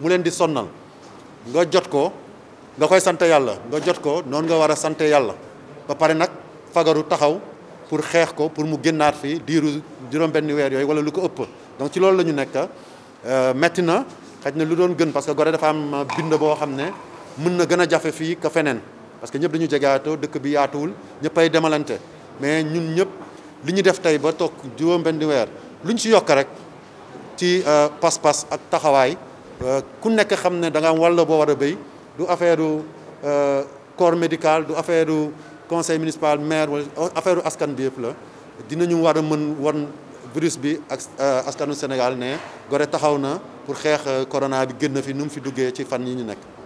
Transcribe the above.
mu leen di sonnal nga jot ko nga koy sant yàlla nga jot ko noonu nga war a sante yàlla ba pare nag fagaru taxaw pour xeex ko pour mu génnaat fii diiru juróom-benn weer yooyu wala lu ko ëpp donc ci loolu la ñu nekk euh, metti na xaj na lu doon gën parce que Gorée dafa am bind boo xam ne mun na gën a jafe fii ka feneen parce que ñëpp dañu jegaatoo dëkk bi yaatuwul ñëpp demalante mais ñun ñëpp li ñu def tey ba toog juróom-benn weer lu ñu si yokk rek ci euh, pas-pas ak taxawaay Euh, ku nekk xam ne da nga am wàll boo war a béy du affaire u euh, corps médical du affaire u conseil municipal maire wala affaire askan bi yëpp la dinañu war a mën wan virus bi ak euh, askanu Sénégal ne Gorée taxaw na pour xeex corona bi génn fi nu mu fi duggee ci fan yi ñu nekk